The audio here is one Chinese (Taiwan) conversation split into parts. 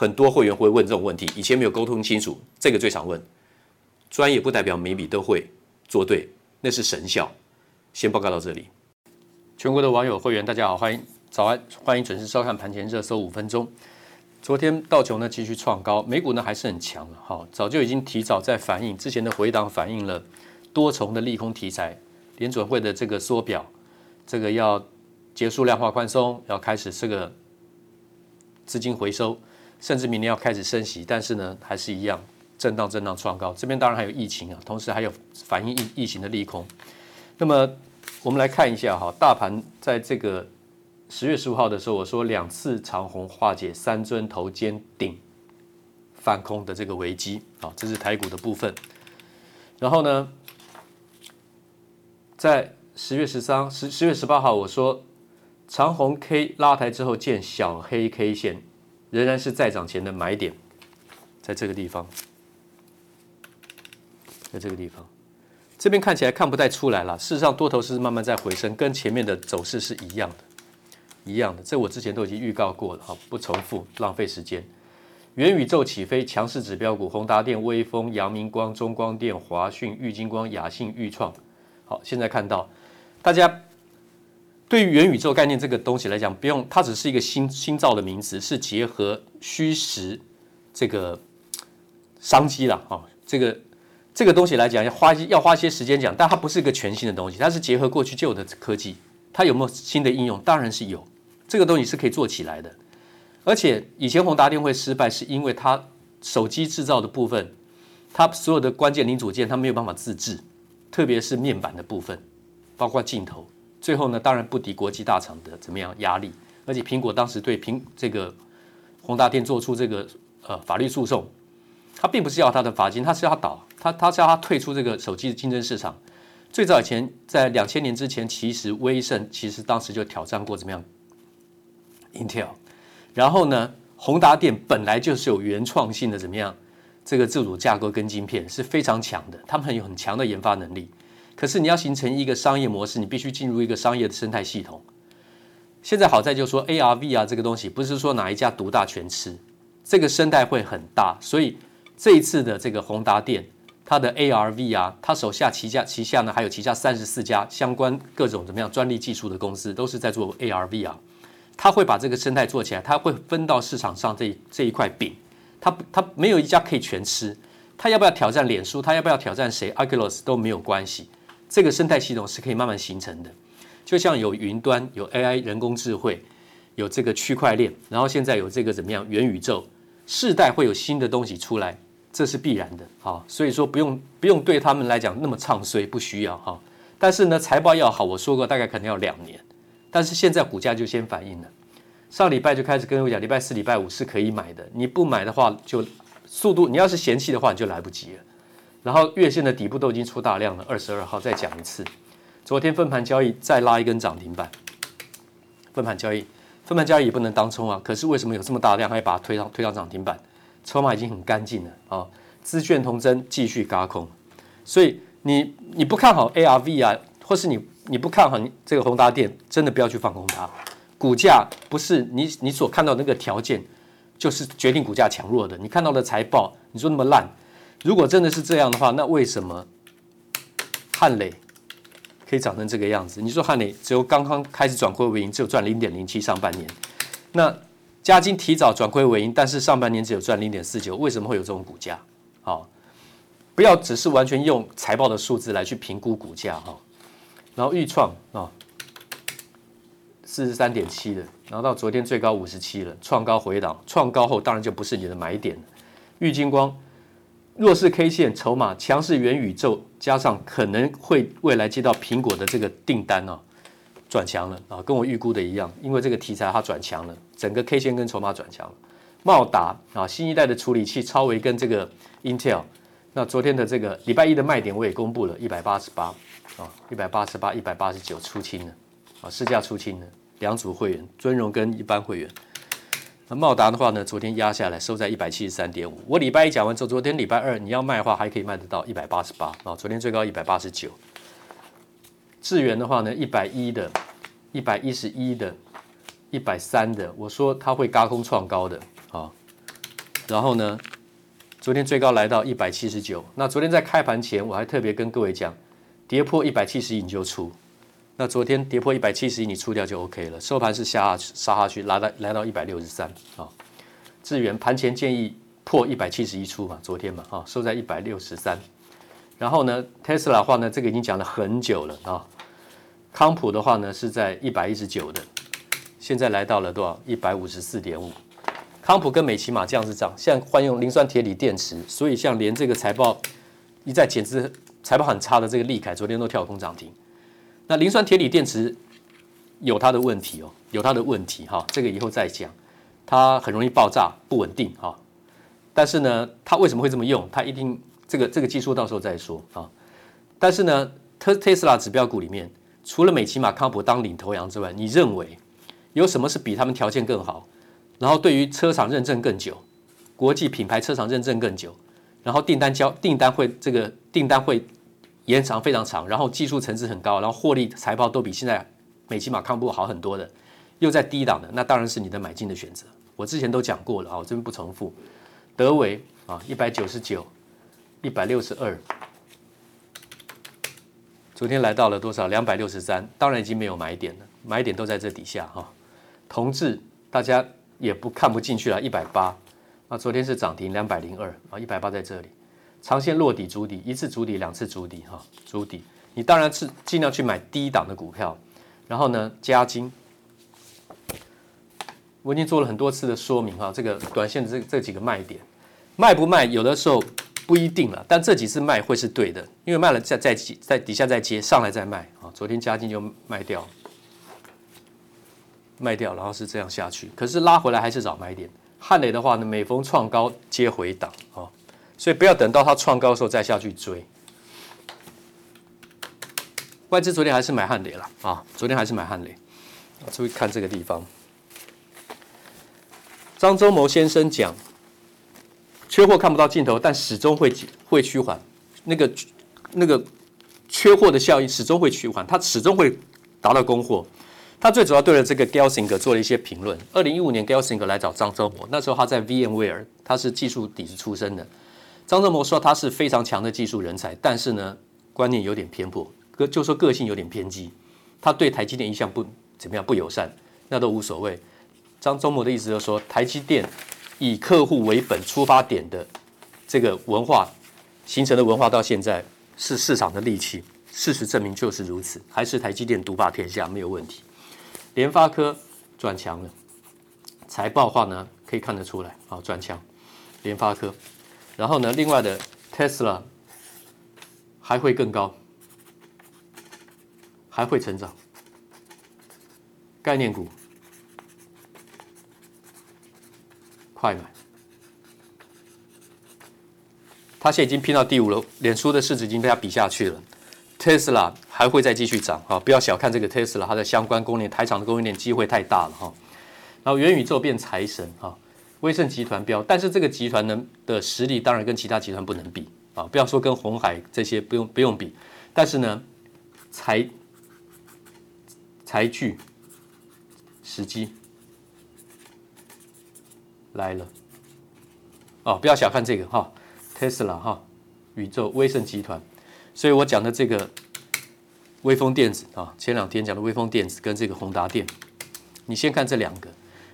很多會員會問這種問題，以前沒有溝通清楚，這個最常問。專業不代表每筆都會做對，那是神效。先報告到這裡。全國的網友會員大家好，歡迎早安，歡迎準時收看盤前熱搜五分鐘。昨天道瓊呢繼續創高，美股呢還是很強了。好、哦，早就已經提早在反映之前的回檔，反映了多重的利空題材，聯準會的這個縮表，這個要結束量化寬鬆，要開始這個資金回收。甚至明年要開始升息，但是呢，還是一樣震盪震盪創高。這邊當然還有疫情啊，同時還有反映疫疫情的利空。那麼我們來看一下哈，大盤在這個十月十五號的時候，我說兩次長紅化解三尊頭肩頂反空的這個危機啊，這是台股的部分。然後呢，在十月十三十十月十八號，我說長紅 K 拉抬之後見小黑 K 線。仍然是在漲前的買點，在這個地方，在這個地方，這邊看起來看不太出來了。事實上，多頭是慢慢在回升，跟前面的走勢是一樣的，一樣的。這我之前都已經預告過了，哈，不重複，浪費時間。元宇宙起飛強勢指標股：宏達電、威鋒、揚明光、中光電、華訊、玉晶光、亞信、鈺創。好，現在看到大家。對於元宇宙概念，這個東西來講，不用它只是一個新新造的名詞，是結合虛實這個商機啦。啊、哦。這個這個東西來講，要花要花些時間講，但它不是一個全新的東西，它是結合過去舊的科技。它有沒有新的應用？當然是有，這個東西是可以做起來的。而且以前宏達電會失敗，是因為它手機製造的部分，它所有的關鍵零組件它沒有辦法自製，特別是面板的部分，包括鏡頭。最後呢，當然不敵國際大廠的怎麼樣壓力，而且蘋果當時對蘋這個宏達電做出這個呃法律訴訟，他並不是要他的罰金，他是要倒他，他是要他退出這個手機競爭市場。最早以前在兩千年之前，其實威盛其實當時就挑戰過怎麼樣 Intel，然後呢，宏達電本來就是有原創性的怎麼樣，這個自主架構跟晶片是非常強的，他們很有很強的研發能力。可是你要形成一個商業模式，你必須進入一個商業的生態系統。現在好在就說 AR VR，這個東西不是說哪一家獨大全吃，這個生態會很大。所以這一次的這個宏達電，它的 AR VR，它手下旗下旗下呢還有旗下三十四家相關各種怎麼樣專利技術的公司，都是在做 AR VR。他會把這個生態做起來，他會分到市場上這這一塊餅。他它，它沒有一家可以全吃。他要不要挑戰臉書？他要不要挑戰誰？Oculus 都沒有關係。這個生態系統是可以慢慢形成的，就像有雲端、有 AI、人工智慧、有這個區塊鏈，然後現在有這個怎麼樣元宇宙，世代會有新的東西出來，這是必然的。好、哦，所以說不用不用對他們來講那麼唱衰，所以不需要哈、哦。但是呢，財報要好，我說過大概可能要兩年，但是現在股價就先反映了。上禮拜就開始跟我講，禮拜四、禮拜五是可以買的，你不買的話就速度，你要是嫌棄的話你就來不及了。然後月線的底部都已經出大量了，二十二號再講一次。昨天分盤交易再拉一根漲停板，分盤交易，分盤交易也不能當沖啊。可是為什麼有這麼大量還把它推上推上漲停板？籌碼已經很乾淨了啊、哦，資券同增繼續軋空。所以你你不看好 ARV 啊，或是你你不看好你這個宏達電，真的不要去放空它。股價不是你你所看到那個條件，就是決定股價強弱的。你看到的財報，你說那麼爛。如果真的是這樣的話，那為什麼漢磊可以長成這個樣子？你說漢磊只有剛剛開始轉虧為盈，只有賺零點零七上半年，那嘉金提早轉虧為盈，但是上半年只有賺零點四九，為什麼會有這種股價？好、哦，不要只是完全用財報的數字來去評估股價哈、哦。然後預創啊，四十三點七了，然後到昨天最高五十七了，創高回檔，創高後當然就不是你的買點了。鬱金光。弱勢 K 線籌碼強勢元宇宙，加上可能會未來接到蘋果的這個訂單哦、啊，轉強了啊，跟我預估的一樣，因為這個題材它轉強了，整個 K 線跟籌碼轉強了。茂達啊，新一代的處理器超微跟這個 Intel，那昨天的這個禮拜一的賣點我也公布了，一百八十八啊，一百八十八一百八十九出清了啊，市價出清了，兩組會員尊榮跟一般會員。那茂達的話呢，昨天壓下來收在一百七十三點五。我禮拜一講完之後，昨天禮拜二你要賣的話，還可以賣得到一百八十八啊。昨天最高一百八十九。智源的話呢，一百一的，一百一十一的，一百三的。我說它會軋空創高的啊、哦。然後呢，昨天最高來到一百七十九。那昨天在開盤前，我還特別跟各位講，跌破一百七十一你就出。那昨天跌破一百七十一，你出掉就 OK 了。收盤是下殺下去，下去拉到來到來到一百六十三啊。智元盤前建議破一百七十一出吧，昨天嘛啊、哦，收在一百六十三。然後呢，Tesla 的話呢，這個已經講了很久了啊、哦。康普的話呢是在一百一十九的，現在來到了多少？一百五十四點五。康普跟美琪瑪這樣子漲，現在換用磷酸鐵鋰電池，所以像連這個財報一再減值、財報很差的這個利凱，昨天都跳空漲停。那磷酸鐵鋰電池有它的問題哦，有它的問題哈、哦，這個以後再講。它很容易爆炸，不穩定哈、哦。但是呢，它為什麼會這麼用？它一定這個這個技術到時候再說啊、哦。但是呢，特特斯拉指標股裡面，除了美琪瑪、康普當領頭羊之外，你認為有什麼是比他們條件更好？然後對於車廠認證更久，國際品牌車廠認證更久，然後訂單交訂單會這個訂單會。延長非常長，然後技術層次很高，然後獲利財報都比現在美琪瑪康普好很多的，又在低檔的，那當然是你的買進的選擇。我之前都講過了啊，我這邊不重複。德微啊，一百九十九，一百六十二，昨天來到了多少？兩百六十三，當然已經沒有買點了，買點都在這底下哈、啊。同志，大家也不看不進去了，一百八，那昨天是漲停兩百零二啊，一百八在這裡。長線落底、築底，一次築底、兩次築底，哈、哦，築底，你當然是儘量去買低檔的股票，然後呢加金。我已經做了很多次的說明哈、哦，這個短線的這這幾個賣點，賣不賣有的時候不一定了，但這幾次賣會是對的，因為賣了再再接在,在底下再接上來再賣啊、哦。昨天加金就賣掉，賣掉，然後是這樣下去，可是拉回來還是找買點。漢磊的話呢，每逢創高接回檔啊。哦所以不要等到它創高的時候再下去追。外資昨天還是買漢磊了啊，昨天還是買漢磊。注意看這個地方，張忠謀先生講，缺貨看不到盡頭，但始終會會趨緩。那個那個缺貨的效應始終會趨緩，他始終會達到供貨。他最主要對了這個 Gelsinger 做了一些評論。二零一五年 Gelsinger 來找張忠謀，那時候他在 VMware，他是技術底子出身的。張忠謀說他是非常強的技術人才，但是呢，觀念有點偏頗，個就說個性有點偏激，他對台積電一向不怎麼樣，不友善，那都無所謂。張忠謀的意思就是說，台積電以客戶為本出發點的這個文化形成的文化到現在是市場的利器，事實證明就是如此，還是台積電獨霸天下沒有問題。聯發科轉強了，財報話呢可以看得出來，啊，轉強，聯發科。然後呢，另外的 Tesla 還會更高，還會成長。概念股快買，它現在已經拼到第五了。臉書的市值已經被它比下去了。Tesla 還會再繼續漲哈、啊，不要小看這個 Tesla 它的相關供應鏈、台廠的供應鏈機會太大了哈、啊。然後元宇宙變財神哈。啊威盛集團標，但是這個集團呢的實力當然跟其他集團不能比啊，不要說跟鴻海這些不用不用比，但是呢，財財具時機來了啊，不要小看這個哈，Tesla 哈，宇宙威盛集團，所以我講的這個威風電子啊，前兩天講的威風電子跟這個宏達電，你先看這兩個，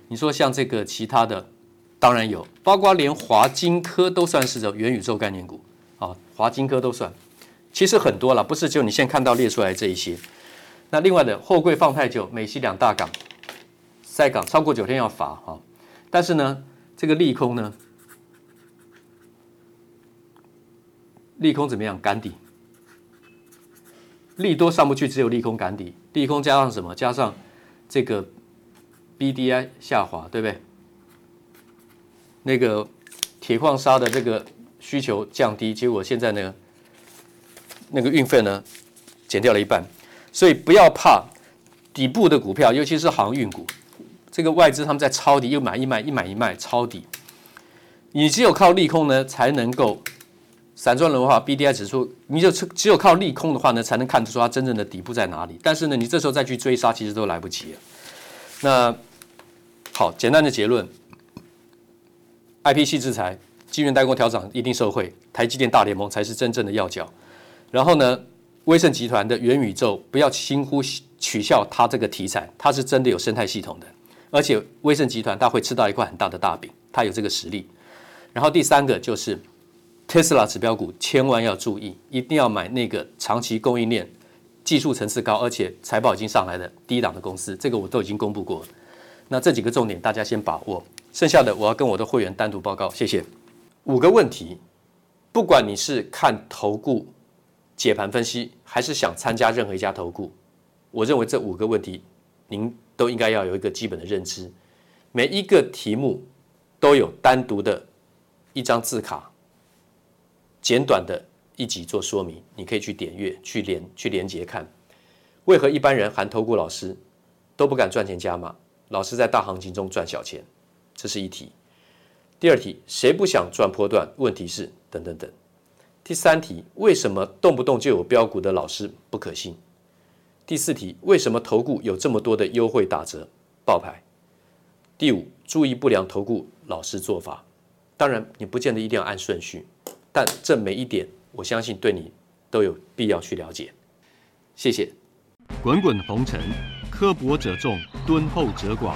你說像這個其他的。當然有，包括連華金科都算是這元宇宙概念股啊，華金科都算，其實很多了，不是就你現在看到列出來這一些。那另外的貨櫃放太久，美西兩大港塞港超過九天要罰哈、啊。但是呢，這個利空呢，利空怎麼樣？趕底，利多上不去，只有利空趕底。利空加上什麼？加上這個 BDI 下滑，對不對？那個鐵礦砂的這個需求降低，結果現在呢，那個運費呢減掉了一半，所以不要怕底部的股票，尤其是航運股，這個外資他們在抄底，又買一買、一買一賣抄底，你只有靠利空呢才能夠散裝的話 B D I 指數，你就只有靠利空的話呢，才能看出它真正的底部在哪裡？但是呢，你這時候再去追殺，其實都來不及了。那好，簡單的結論。I P C 制裁，晶圓代工調整一定受惠，台積電大聯盟才是真正的要角。然後呢，威盛集團的元宇宙不要輕忽取笑它，這個題材，它是真的有生態系統的，而且威盛集團它會吃到一塊很大的大餅，它有這個實力。然後第三個就是特斯拉指標股，千萬要注意，一定要買那個長期供應鏈、技術層次高而且財報已經上來的低檔的公司，這個我都已經公布過了。那這幾個重點大家先把握。剩下的我要跟我的會員單獨報告，謝謝。五個問題，不管你是看投顧解盤分析，還是想參加任何一家投顧，我認為這五個問題您都應該要有一個基本的認知。每一個題目都有單獨的一張字卡，簡短的一集做說明，你可以去點閱、去連、去連接看。為何一般人含投顧老師都不敢賺錢加碼，老是在大行情中賺小錢？這是一題。第二題，誰不想賺波段？問題是等等等。第三題，為什麼動不動就有標股的老師不可信？第四題，為什麼投顧有這麼多的優惠打折報牌？第五，注意不良投顧老師做法。當然，你不見得一定要按順序，但這每一點，我相信對你都有必要去了解。謝謝。滾滾紅塵，刻薄者眾，敦厚者寡。